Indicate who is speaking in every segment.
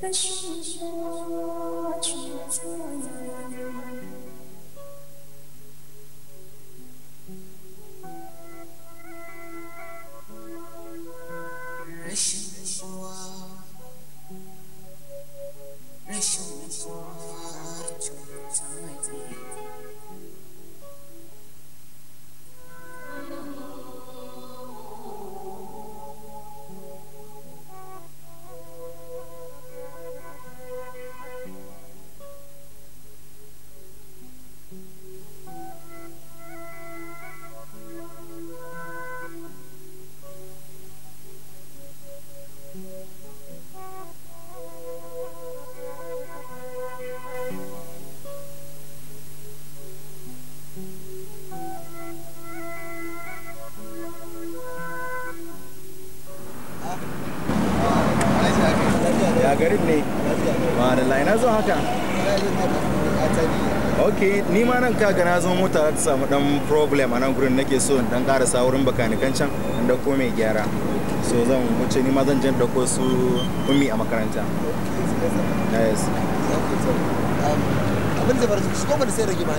Speaker 1: That's
Speaker 2: samu dan problem a nan gurin nake so in dan karasa wurin bakanikan can in dauko mai gyara so zan wuce ni ma zan jan dauko su ummi a makaranta yes abin da bar su ko sai rage ma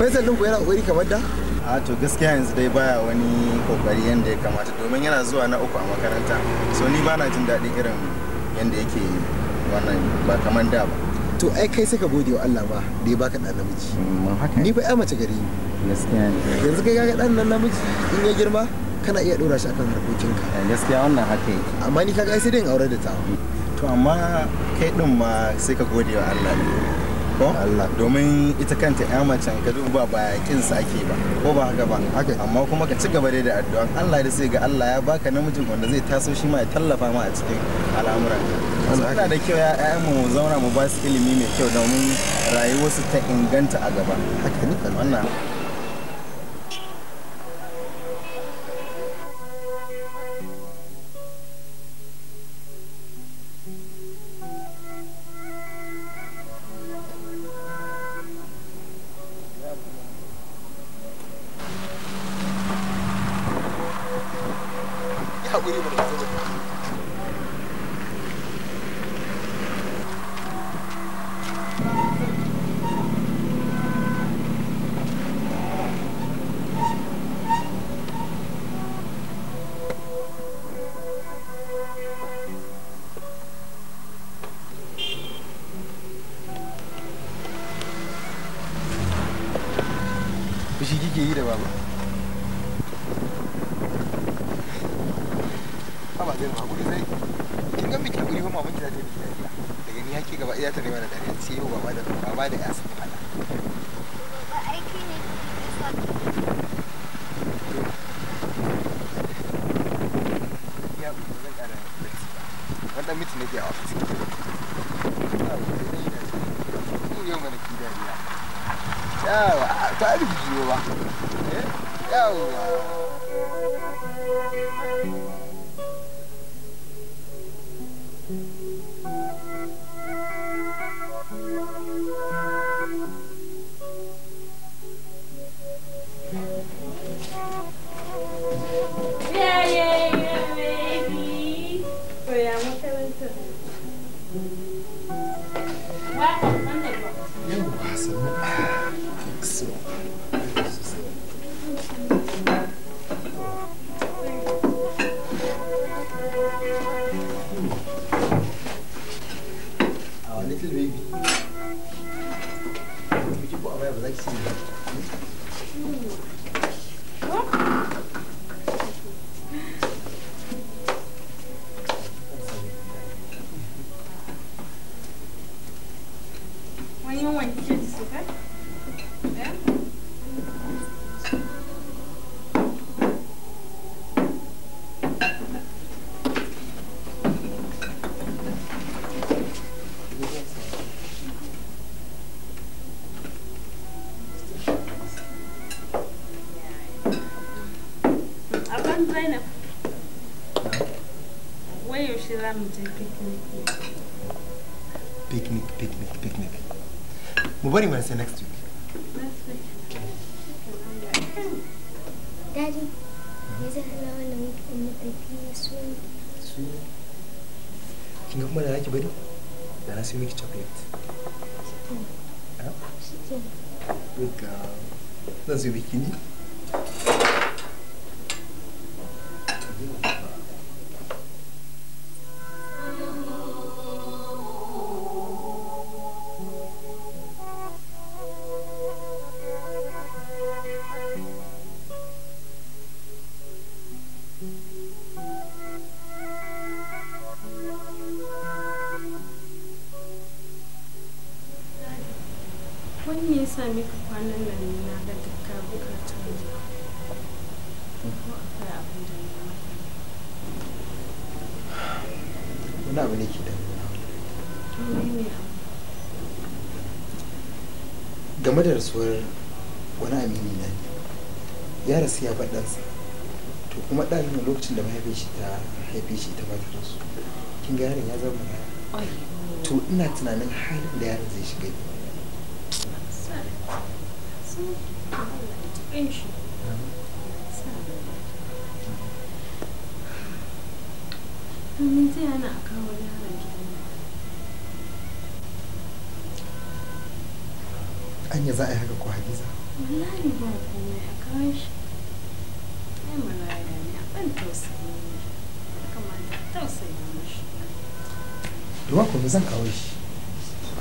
Speaker 2: faisal ɗin ku yana ƙoƙari kamar da a to gaskiya yanzu dai baya wani kokari yadda ya kamata domin yana zuwa na uku a makaranta so ni ba na jin daɗin irin yadda yake wannan ba kamar da ba to ai kai sai ka gode wa Allah ba da ya baka ɗan namiji mm, ni ba ya mace gari gaskiya yanzu kai ga ɗan namiji in ya girma kana iya ɗora shi akan harkokinka eh, gaskiya wannan haka yake amma ni kaga sai dai in aure da ta to amma kai ɗin ma sai ka gode wa Allah ne ko domin ita kanta ya macen ka duba ba kin sake ba ko ba haka ba amma kuma ka ci gaba da addu'a Allah da sai ga Allah ya baka namijin wanda zai taso shi ma ya tallafa ma a cikin al'amuran yana da kyau ya mu zauna mu ba su ilimi mai kyau domin rayuwarsu ta inganta a gaba haka ne wannan クリームの Picnic, picnic, picnic. What do you want to say next week? Next week.
Speaker 1: Okay. Daddy, me zai hana wannan weekend na tafi swim.
Speaker 2: Swim? Kin ga kuma I like, bari? Da na sai miki chocolate. Chicken. Huh? Chicken. Good girl. Zan zo bikini. rasuwar wani amini na ne ya rasu ya bar ɗansa to kuma ɗan lokacin da mahaifin shi ta haife shi ta mata rasu kin ga yaron ya zama ya to ina tunanin halin da yaron zai shiga ne Domin ta
Speaker 1: ya za a yi haka ko hadiza wallahi ba komai a kawo shi ai maraya ne a ban tausayi ne kamata tausayi mashi
Speaker 2: duwa komai zan kawo shi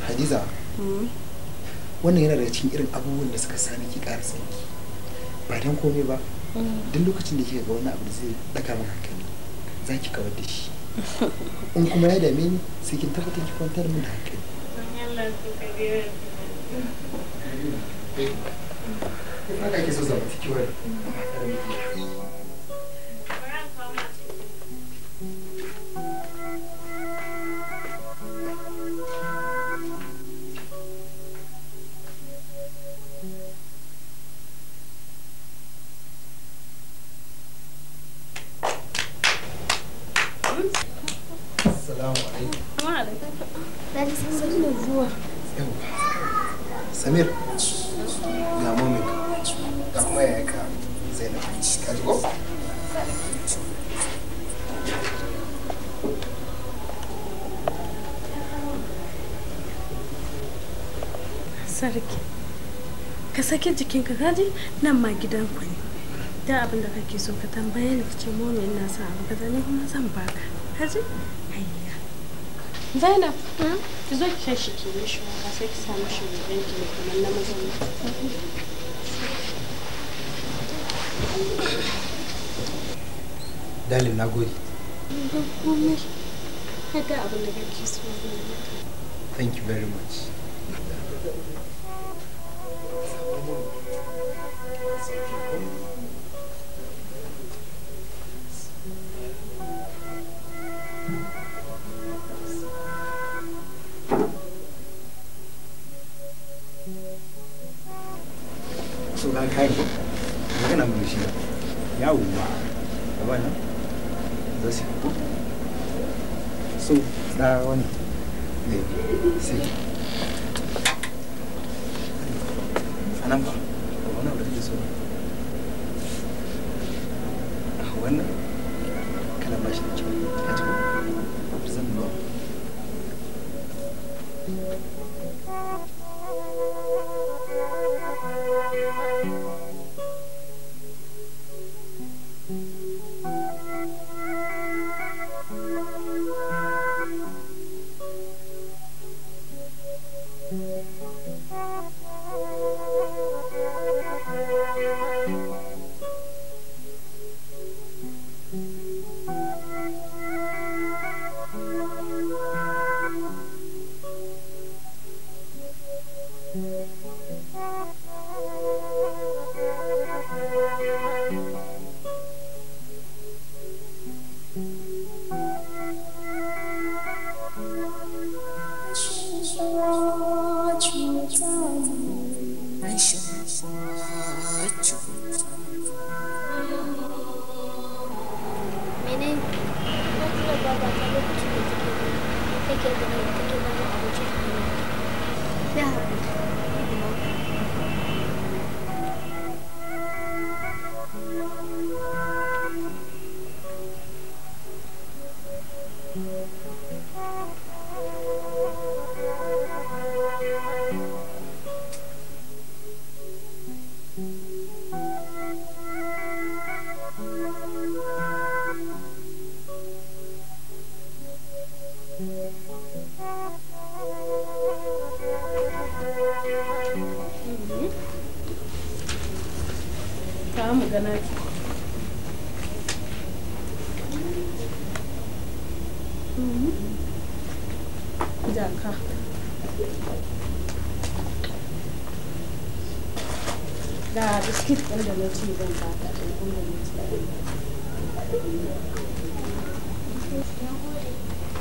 Speaker 2: hadiza hmm? wannan yana daga cikin irin abubuwan da suka sani ki ƙara tsanki ba dan komai ba hmm. duk lokacin da kika ga wani abu da zai daka min hankali za ki kawar da shi in kuma ya dame ni sai kin tabbatar ki kwantar min da
Speaker 1: hankali
Speaker 3: haka ake so zamantakewar
Speaker 1: ka gaji nan ma gidan ku ne da abin da kake so ka tambaye ni ce ne ina sa abu kaza ne kuma zan baka kaji hayya Zainab hmm? ki zo ki shi ki yi shi ka sai ki samu shi ne danki ne kamar na mazan
Speaker 2: Dalin na gode. Thank you very much. Thank you. Dragón ah, de sí.
Speaker 1: jaka da biskit ɗin da na ci zan ba ta ɗin da na ce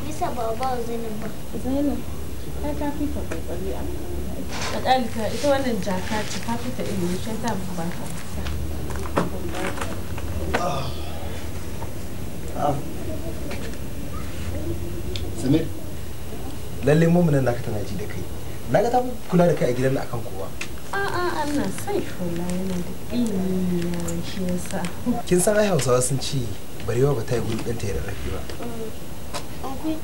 Speaker 1: bisa ba ba zainab ba zainab ta ta fi ta kokari a a ɗalika ita wannan jaka ce ta fi ta ilimi shi ta ba ta
Speaker 2: ba ah. ah. samir lalle mummunan naka tana ji da kai na ga ta kula da kai a gidan na akan kowa
Speaker 1: a'a Allah sai kula yana da ilimi ya shi yasa
Speaker 2: kin san ai Hausawa sun ce barewa ba ta yi gudu ta da rarrafe ba
Speaker 1: oh,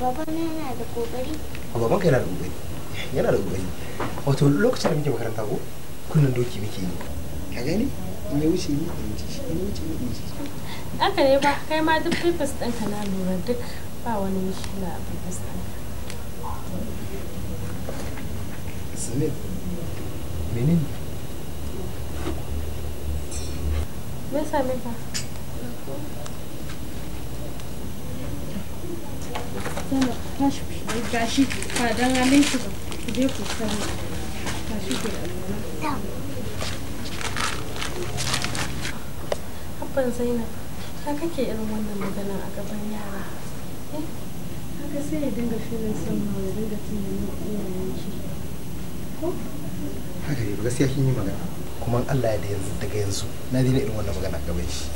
Speaker 1: Baba na yana da kokari.
Speaker 2: Baban ka yana da kokari. Yana da kokari. Wato lokacin da muke makaranta ko kunnan doki muke yi. Ka gani? In ya wuce ni in wuce ni, ya wuce ni in ji
Speaker 1: Haka ne ba, kai ma duk papers ɗinka na lura duk ba wani shi na abin
Speaker 2: Salim, menene?
Speaker 1: Me same ka? Zana, tashi ku shi, gashi, ba don halin shi ba, ku je ku sani, tashi ku da Abban Zainab, ka kake irin wannan magana a gaban yara? haka sai ya dinga filin sama ya dinga tunanin iyayen shi ko
Speaker 2: haka ne gaskiya kin yi magana kuma Allah ya da yanzu daga yanzu na daina irin wannan magana gaban shi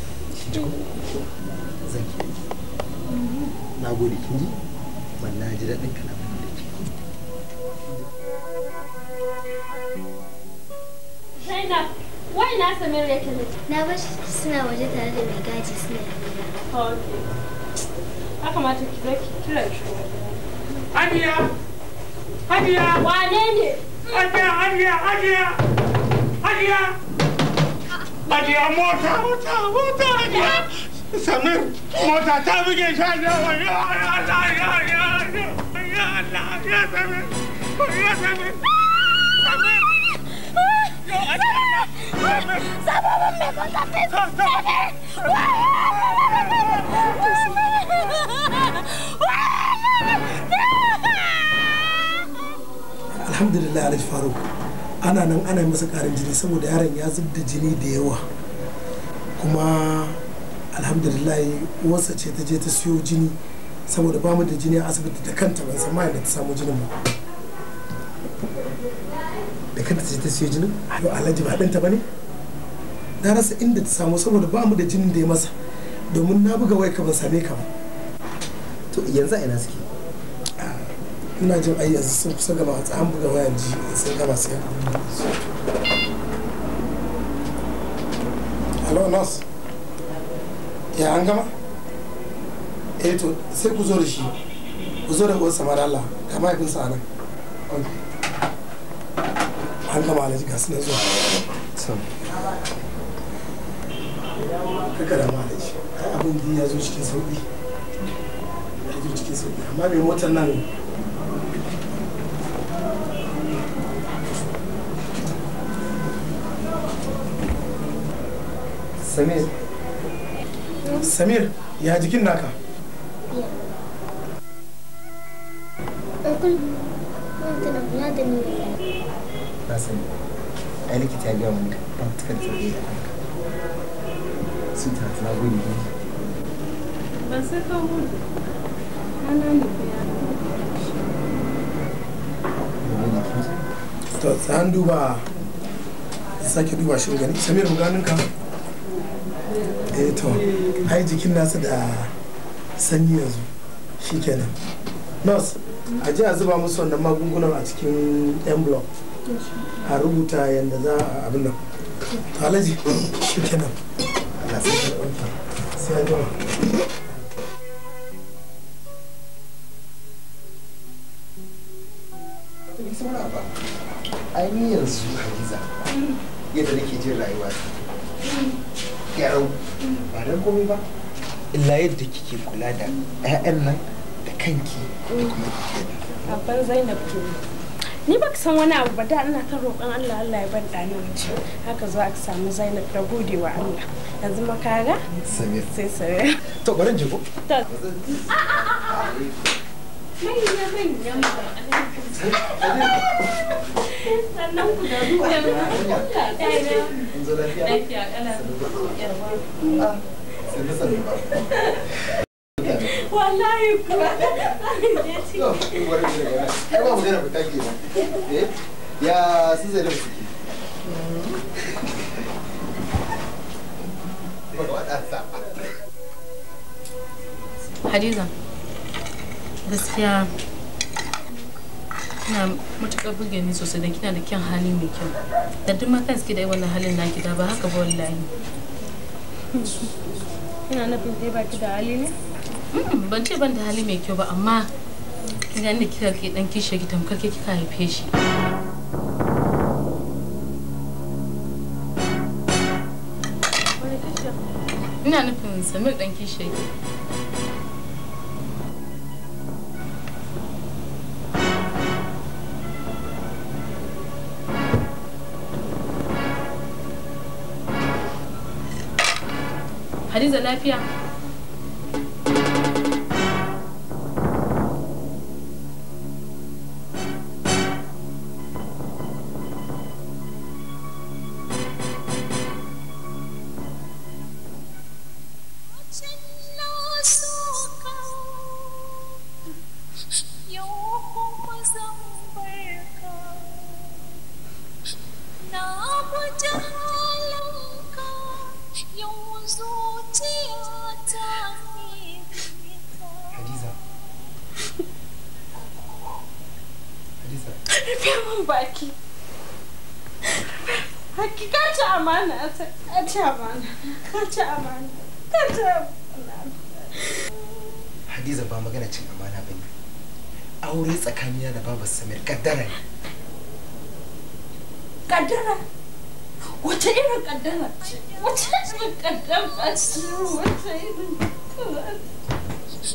Speaker 2: ji ko zan ki mhm. na gode kin ji wallahi ji daɗin kana da ke
Speaker 1: Zainab wai na samir yake ne na bar suna waje tare da mai gaji suna yi ya kamata ki zo ki kira shi Hadiya Hadiya wane ne Hadiya Hadiya Hadiya Hadiya Hadiya mota mota mota Hadiya Samir mota ta
Speaker 4: buge shi Hadiya ya Allah ya ya ya Allah ya Samir ya Samir Samir Sabah, me contaste. Sabah,
Speaker 5: alhamdulillah alhaji faruk ana nan ana masa karin jini saboda yaron ya zub da jini da yawa kuma alhamdulillah uwarsa ce ta je ta siyo jini saboda ba mu da jini a asibiti da kanta ban san da ta samu jinin mu da kanta ce ta siyo jinin yau alhaji ba ɗanta ba ne na rasa inda ta samu saboda ba mu da jinin da ya masa domin na buga wai ka ban same ka ba to yanzu a ina suke ina jin ai yanzu sun kusa gama an buga wayan ji sai gama sai hello nas ya an gama eh to sai ku zo da shi ku zo da uwarsa mara Allah ga mahaifinsa a nan an gama alaji ga su na zuwa kaka da malaji abin da ya zo cikin sauki ya zo cikin sauki amma bai motar nan samir samir ya jikin naka
Speaker 2: na sani ai likita ya biya wani Ba ta kanta da haka
Speaker 1: sun ta tana gudu ne ba sai ka gudu ana ne ko ya
Speaker 5: to tsan duba sake duba shi gani samir mu ganin ka eh to ai jikin nasu da sanyi yanzu shikenan nurse a ji a zuba musu wannan magungunan a cikin envelope a rubuta yadda za a abin nan to alaji shikenan sai
Speaker 2: a ai ni ba illa yadda kike kula da 'ya'yan nan da kanki da kuma kike
Speaker 1: da abban zainab ke ni ba ka san wani abu ba da ina ta roƙon Allah Allah ya bada ni mace haka zo aka samu Zainab da godewa Allah yanzu ma kaga sai sai to bari in je ko to a a a manya manya
Speaker 6: sannan ku da zuwa da lafiya kana yarwa
Speaker 1: wallahi kuwa ai ba
Speaker 2: magana Hadiza, gaskiya kina matuƙar burge ni sosai da kina da kyan hali mai kyau. Da duk ma suke da wannan halin na gida ba haka ba
Speaker 1: wallahi. Ina nufin dai ba ki da hali ne? Hmm, ban ce ban da hali mai kyau ba amma idan da kika ke dan kishe ki tamkar ke kika haife
Speaker 6: shi.
Speaker 2: Ina nufin Samir dan kishe ki. lafiya
Speaker 1: min baki hakika ka ci amana ta ci amana ka ci amana ka ci amana
Speaker 2: hadiza ba magana cin amana ba ne aure tsakanina da babar samir kaddara ne
Speaker 1: kaddara wace irin kaddara ce wace irin kaddara ce wace irin kaddara ce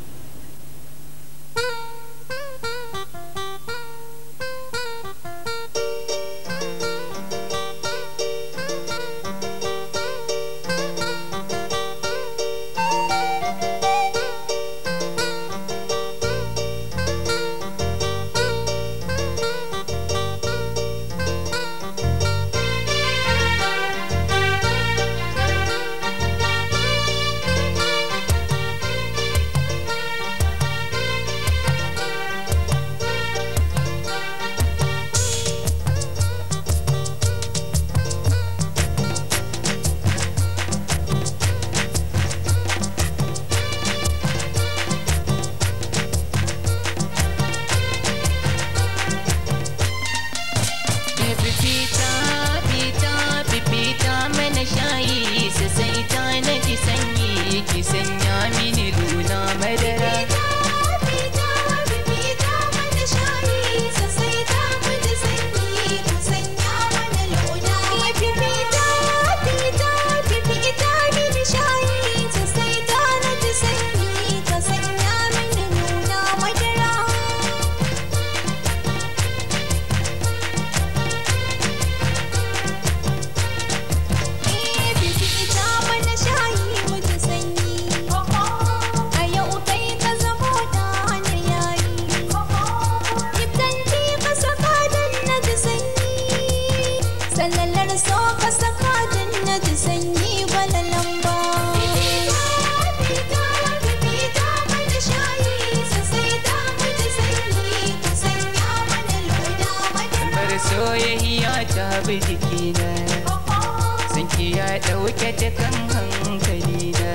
Speaker 6: da kan hankali na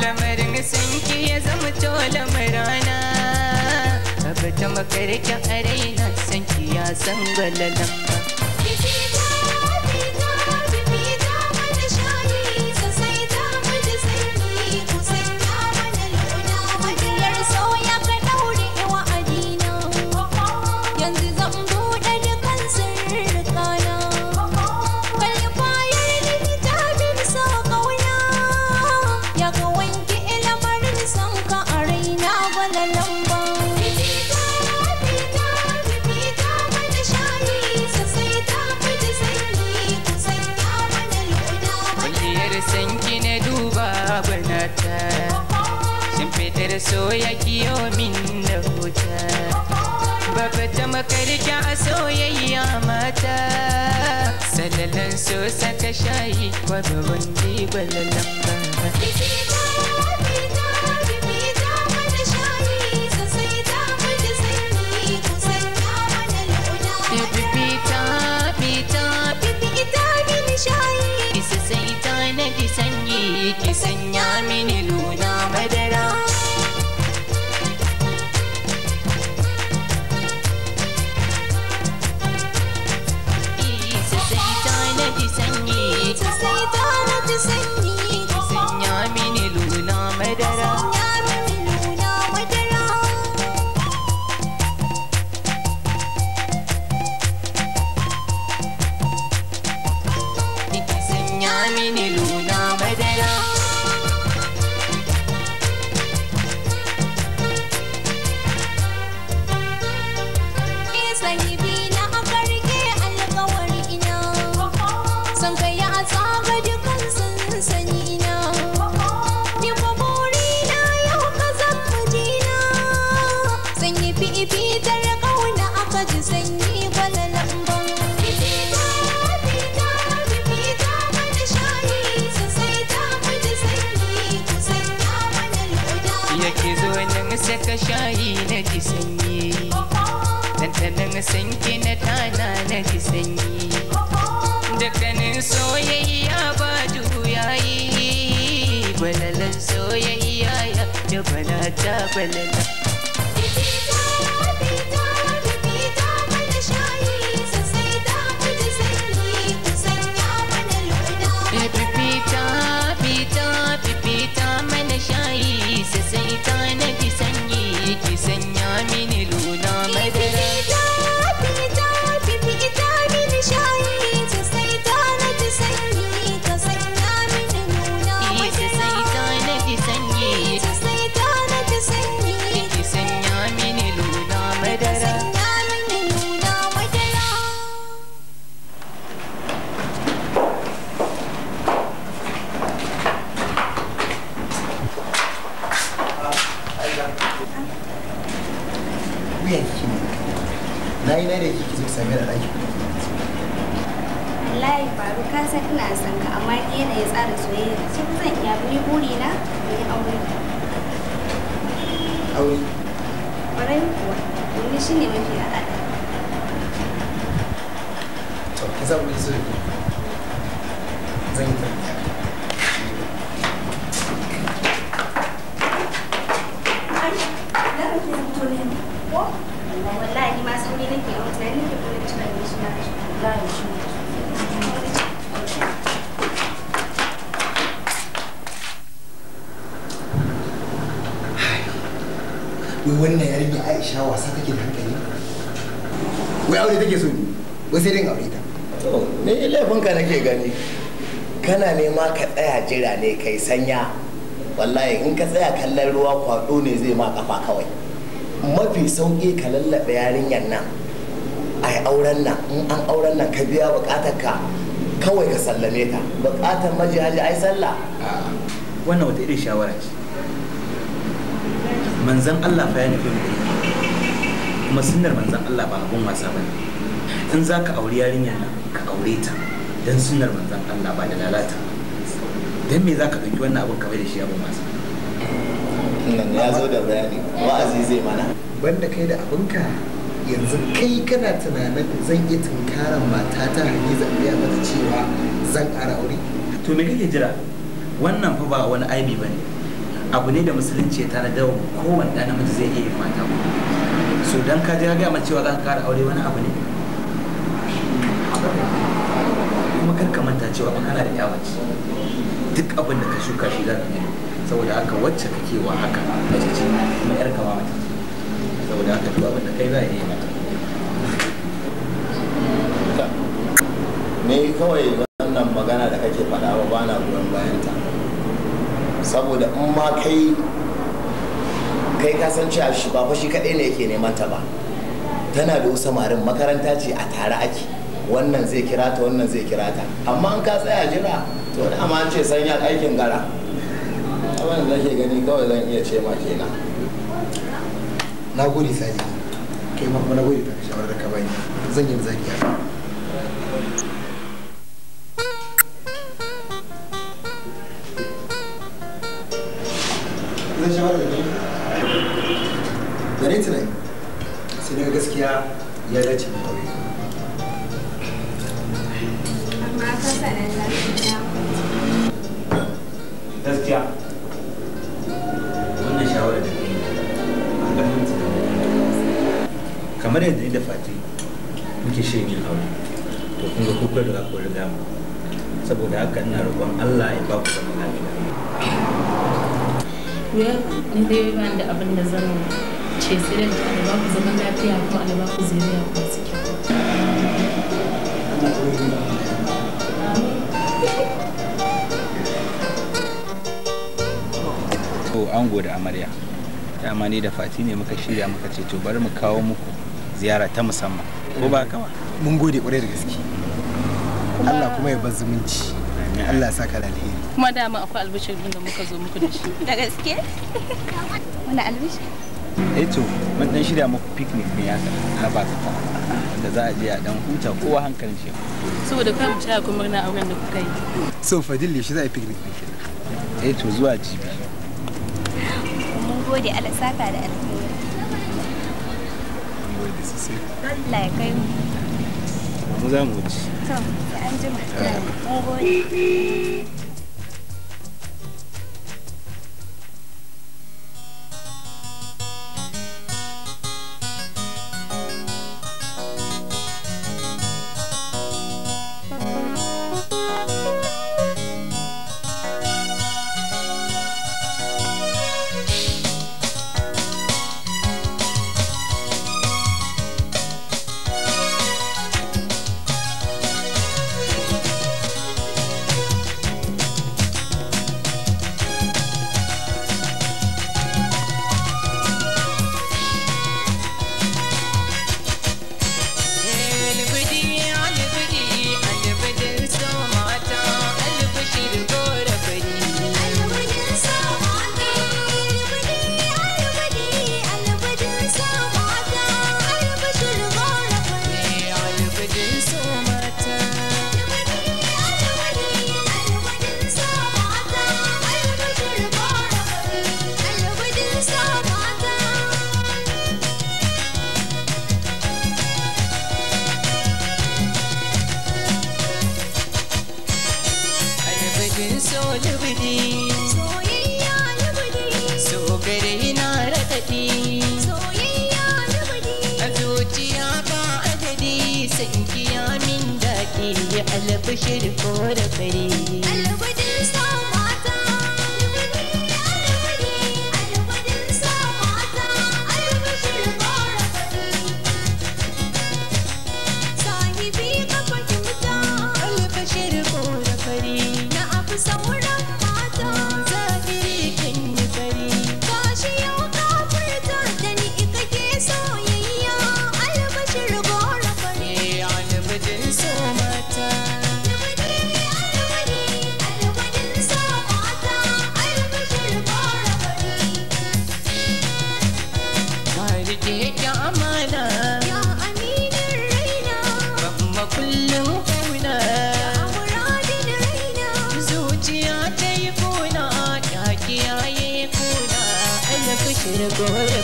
Speaker 6: lamarin sanki ya zama to lamarana abu ta makarki a raina sanki ya san galalan ba soyayya mata salalan so saka shayi kwababin dibalan
Speaker 2: wai wannan yarinya Aisha wasa take da hankali wai aure take so ne wai sai dai aure ta to me laifin ka nake gani kana nema ka tsaya jira ne kai sanya wallahi in ka tsaya kallon ruwa kwado ne zai ma kafa kawai mafi sauki ka lallaɓa yarinyar nan a auren nan in an auren nan ka biya bukatar ka kawai ka sallame ta bukatar maji haji ai sallah wannan wata irin shawara ce manzan Allah fa ya nufi mu kuma sunnar manzan Allah ba abun wasa ba ne. in za ka auri yarinyar nan ka aure ta dan sunnar manzan Allah ba da lalata dan me za ka ɗauki wannan abun kamar da shi abun wasa nan ya zo
Speaker 3: da bayani wa'azi zai mana
Speaker 2: banda kai da ka, yanzu
Speaker 1: kai kana
Speaker 2: tunanin zan yi tunkaran mata ta hanyar zan biya mata cewa zan ƙara aure to me kake jira wannan fa ba wani aibi ba ne. abu ne da musulunci ya tare dawo kowane da namiji zai iya mata so dan ka jira gaya cewa za ka kara aure wani abu ne kuma kar ka manta cewa ba kana da ya mace duk abin da ka shuka shi za ka yi saboda haka wacce kake wa haka
Speaker 3: mace ce kuma yar kama mata saboda haka duk abin da kai za a yi mata ne kawai saboda in ma kai kai kasance shi ba fashi shi kadai ne yake neman ta ba tana da wasu marin makaranta ce a tare ake wannan zai kira ta wannan zai kira ta amma an ka tsaya jira to da ma ce sanya aikin gara abin da ke gani kawai zan iya ce ma kenan
Speaker 2: na gode sani kai ma na gode ta shawarar da ka bani zan yi zaki neman shawara da da ne tunai sai daga gaskiya ya dace da aure amma ka
Speaker 5: sanar da gaskiya
Speaker 2: wannan shawara da kai an ga kamar yadda ni da fati muke shirin yin aure to kun ga kuka da za ku riga mu saboda haka ina roƙon Allah ya ba ku zaman lafiya
Speaker 6: in dai ban da abin da zan ce sai da alba ku zaman lafiya ko alba ku zuriya ko su
Speaker 2: Ko ango da amarya dama ni da fati ne muka shirya muka ce to bari mu kawo muku ziyara ta musamman ko ba kama mun gode kwarai da gaske Allah kuma ya bar zumunci Allah saka da alheri
Speaker 6: kuma dama akwai albishir din da muka zo muku da shi da gaske wani albishir
Speaker 2: eh to mun dan shirya muku picnic ne yaka na ba ta da za a je a dan huta kowa hankalin shi
Speaker 6: saboda kai mu tsaya kuma na auren da kuka yi
Speaker 2: so fadil shi za a picnic ne eh to zuwa jibi
Speaker 4: mun
Speaker 1: gode Allah saka da alheri Allah ya kai mu
Speaker 2: 모자 못지.
Speaker 1: 저, 안좀 갖다. 어,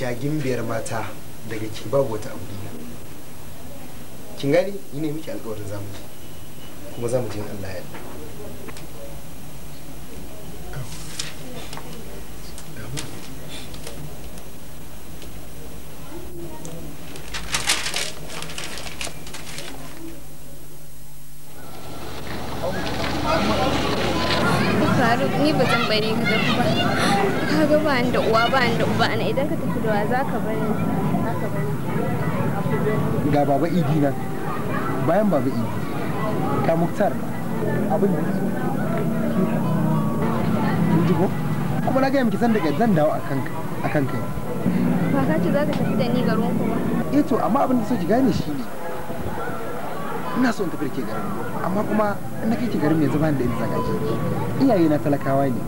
Speaker 2: shagin biyar mata daga ki babu wata abu kin gani yi ne miki alkawarin zamuji kuma zamu je
Speaker 1: Allah ya ni ba zan bari ka ba. ka ga ba da uwa ba da uba ana idan ka tafi da wa za ka bari
Speaker 2: ga baba idi na, bayan baba idi ka muktar abin da su ji ko kuma na gaya miki zan daga zan dawo a kanka
Speaker 1: ba ka ce za ka tafi da ni garin ku ba
Speaker 2: eh to amma abin da so ki gane shi ne ina so in tafi da ke garin amma kuma in na kai ki garin yanzu ba da in zaka ki iyaye na talakawa ne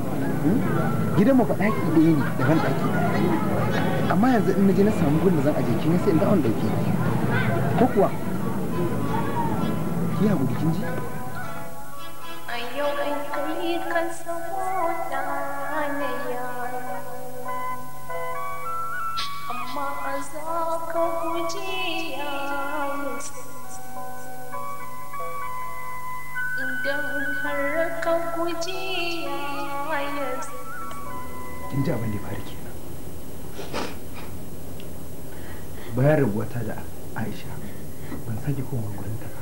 Speaker 2: gidan mu faɗaki ɗaya ne da ɗaki ɗaya amma yanzu in naje na samu gurin da zan aje kin sai in dawo in ɗauke ko kuwa ki gudu kin
Speaker 1: ji Idan har ka guji
Speaker 2: bayan rubuta da aisha ban sake koma gurin ta ba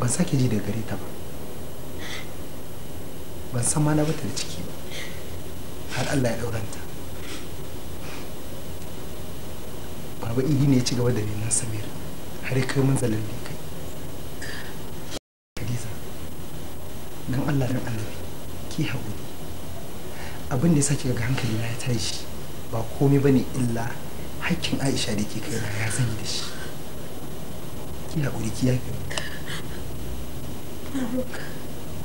Speaker 2: ban sake ji da gare ta ba ban san ma na bata da ciki ba. har allah ya ta baba idi ne ya ci gaba da neman samir har ya kai manzalin da kai khadija don allah dan Allah ki haƙuri abin da ya sake ga hankali na ya tashi ba komai ba ne illa hakkin aisha da ke kai ya sani da shi ki haƙuri ki yafi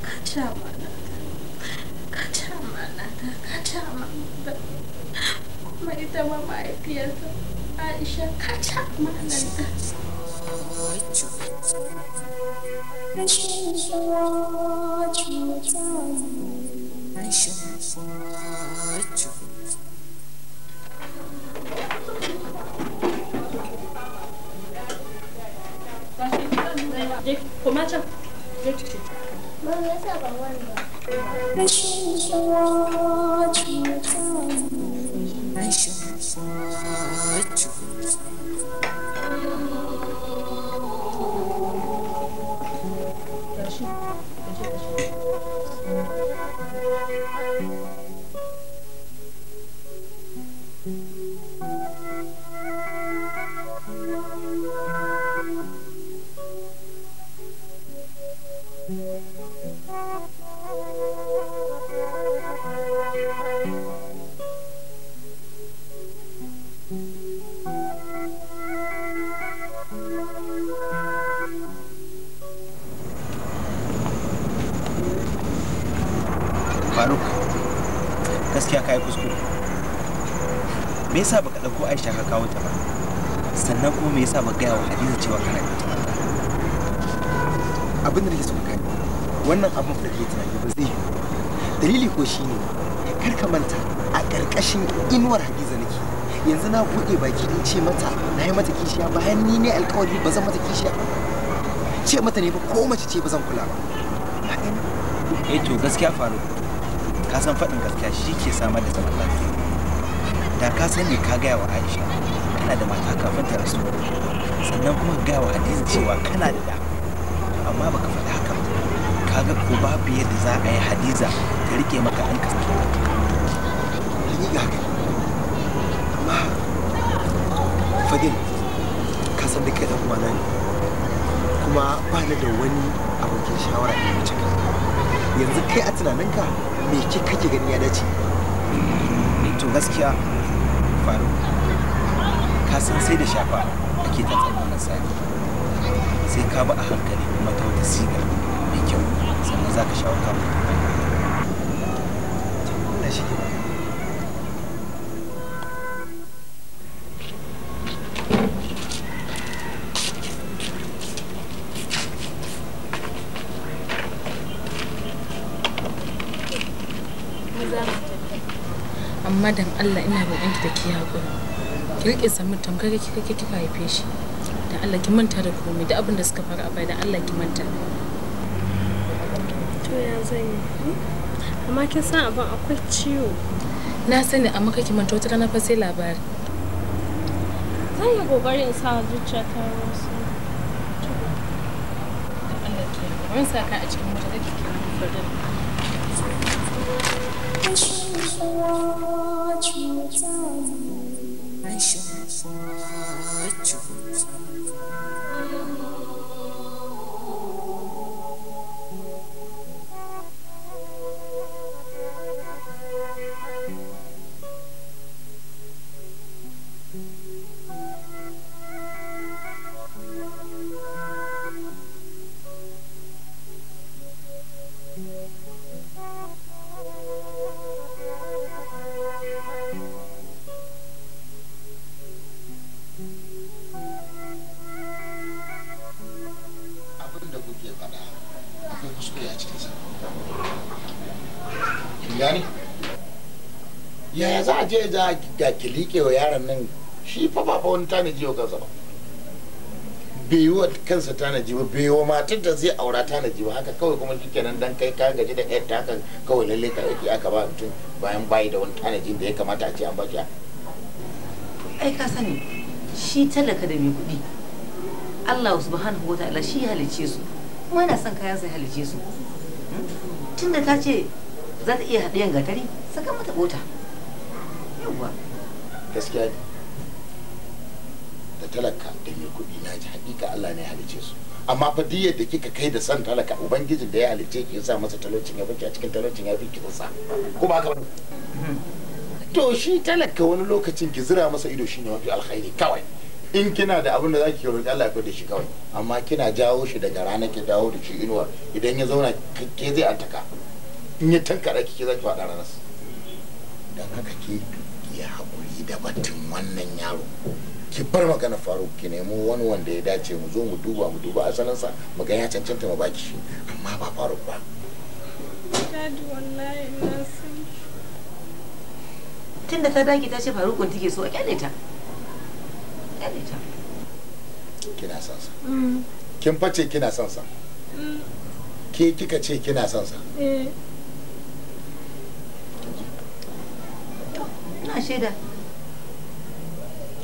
Speaker 1: ka ci amana ka ka kuma ita ma mahaifiyarta aisha ka 我马上。没事。没事没事。没事。没事没事。
Speaker 4: faruk
Speaker 2: gaskiya ka yi kuskure me yasa baka ɗauko aisha ka kawo ta ba sannan kuma me yasa ba gaya wa hadiza cewa kana da ita abin da nake so ka wannan abin da ke tunani ba zai yi dalili ko shi kar ka manta a ƙarƙashin inuwar hadiza nake yanzu na buɗe baki in ce mata na yi mata kishiya bayan ni ne alkawari ba zan mata kishiya ce mata ne ba ko mace ce ba zan kula ba eh to gaskiya faru ka san faɗin gaskiya shi ke samar da zaman lafiya da ka sani ka gaya wa aisha kana da mata kafin ta rasu sannan kuma gaya wa hadiza cewa kana da da amma baka faɗi. ga ko babu yadda za a yi hadiza ta rike maka an kasa ga haka amma fadil ka san da kai dan ne kuma ba ni da wani abokin shawara da ya cika yanzu kai a tunaninka me ke kake gani ya dace to gaskiya faru ka san sai da shafa ake ta tsammanin sai ka ba a hankali kuma ta wata sigar sannan za ka sha wuka da shi
Speaker 1: amma dan Allah ina roƙon ki da ki haƙuri ki rike samu tamkar ki kake kika haife shi da Allah ki manta da komai da abin da suka faru a baya da Allah ki manta ya zan yi hmm? amma kin san abin akwai ciwo na sani amma
Speaker 2: kake manta wata rana fa sai labari
Speaker 1: zan yi kokari in sa zuciya ta wasu wani saka a cikin mota da kike nan
Speaker 3: je za ga kilike wa yaron nan shi fa ba fa wani tanaji wa kansa ba bai yi wa kansa tanaji ba bai wa matar da zai aura tanaji ba haka kawai kuma shi kenan dan kai ka gaji da yar ta haka kawai lalle ka yake aka ba mutum bayan bayi da wani tanaji da ya kamata a ce an baki
Speaker 5: ai ka sani shi talaka da mai kuɗi
Speaker 2: Allah subhanahu ta'ala shi ya halice su kuma yana son kayan sai halice su hmm?
Speaker 6: tunda ta ce za ta iya haɗiyan gatari saka mata bota
Speaker 3: gaskiya ne da talaka da mai kuɗi na ji hakika Allah ne ya halice su amma fa duk yadda kika kai da san talaka ubangijin da ya halice ki ya sa masa talaucin ya fiki a cikin talaucin ya fiki sa ko ba ka
Speaker 4: hmm.
Speaker 3: to shi talaka wani lokacin ki zira masa ido shine mafi alkhairi kawai in kina da abin da zaki roƙi Allah ya da shi kawai amma kina jawo shi daga rana ki dawo da shi inuwa idan ya zauna ke zai antaka in ya tankara kike zaki faɗa ranas dan haka ke. da batun wannan yaro ki bar magana faruk ki nemo wani wanda ya dace mu zo mu duba mu duba asalinsa mu ga ya cancanta mu baki amma ba faruk ba
Speaker 1: dadi wallahi na san tunda
Speaker 3: ta daki ta ce farukun take so a kyale ta kyale ta kina son sa mm. kin face kina son sa mm. ke kika ce kina son sa
Speaker 1: eh
Speaker 6: ina shaida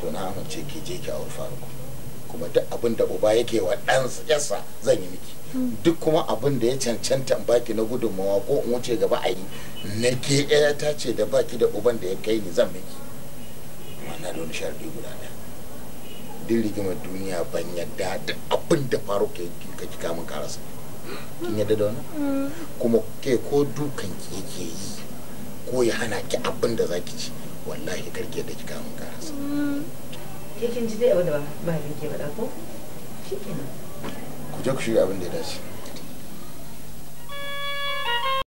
Speaker 3: to na amince ki je ki aure faruk kuma duk abin da uba yake wa ɗan yasa zan yi miki duk kuma abin da ya cancanta baki na gudunmawa ko in wuce gaba a yi na ke ta ce da baki da uban da ya kai ni zan miki wannan da wani sharadi guda ɗaya duk rigimar duniya ban yadda duk abin da faru ke ka kika karasa kin yadda da wannan mm. kuma ke ko dukan ki yake yi ko ya hana ki abin da zaki ci wallahi karke da kika mun karasa
Speaker 1: mm. ke kin ji dai abu da ba ba ba da ko shikenan
Speaker 3: ku je ku shiga abin da ya dace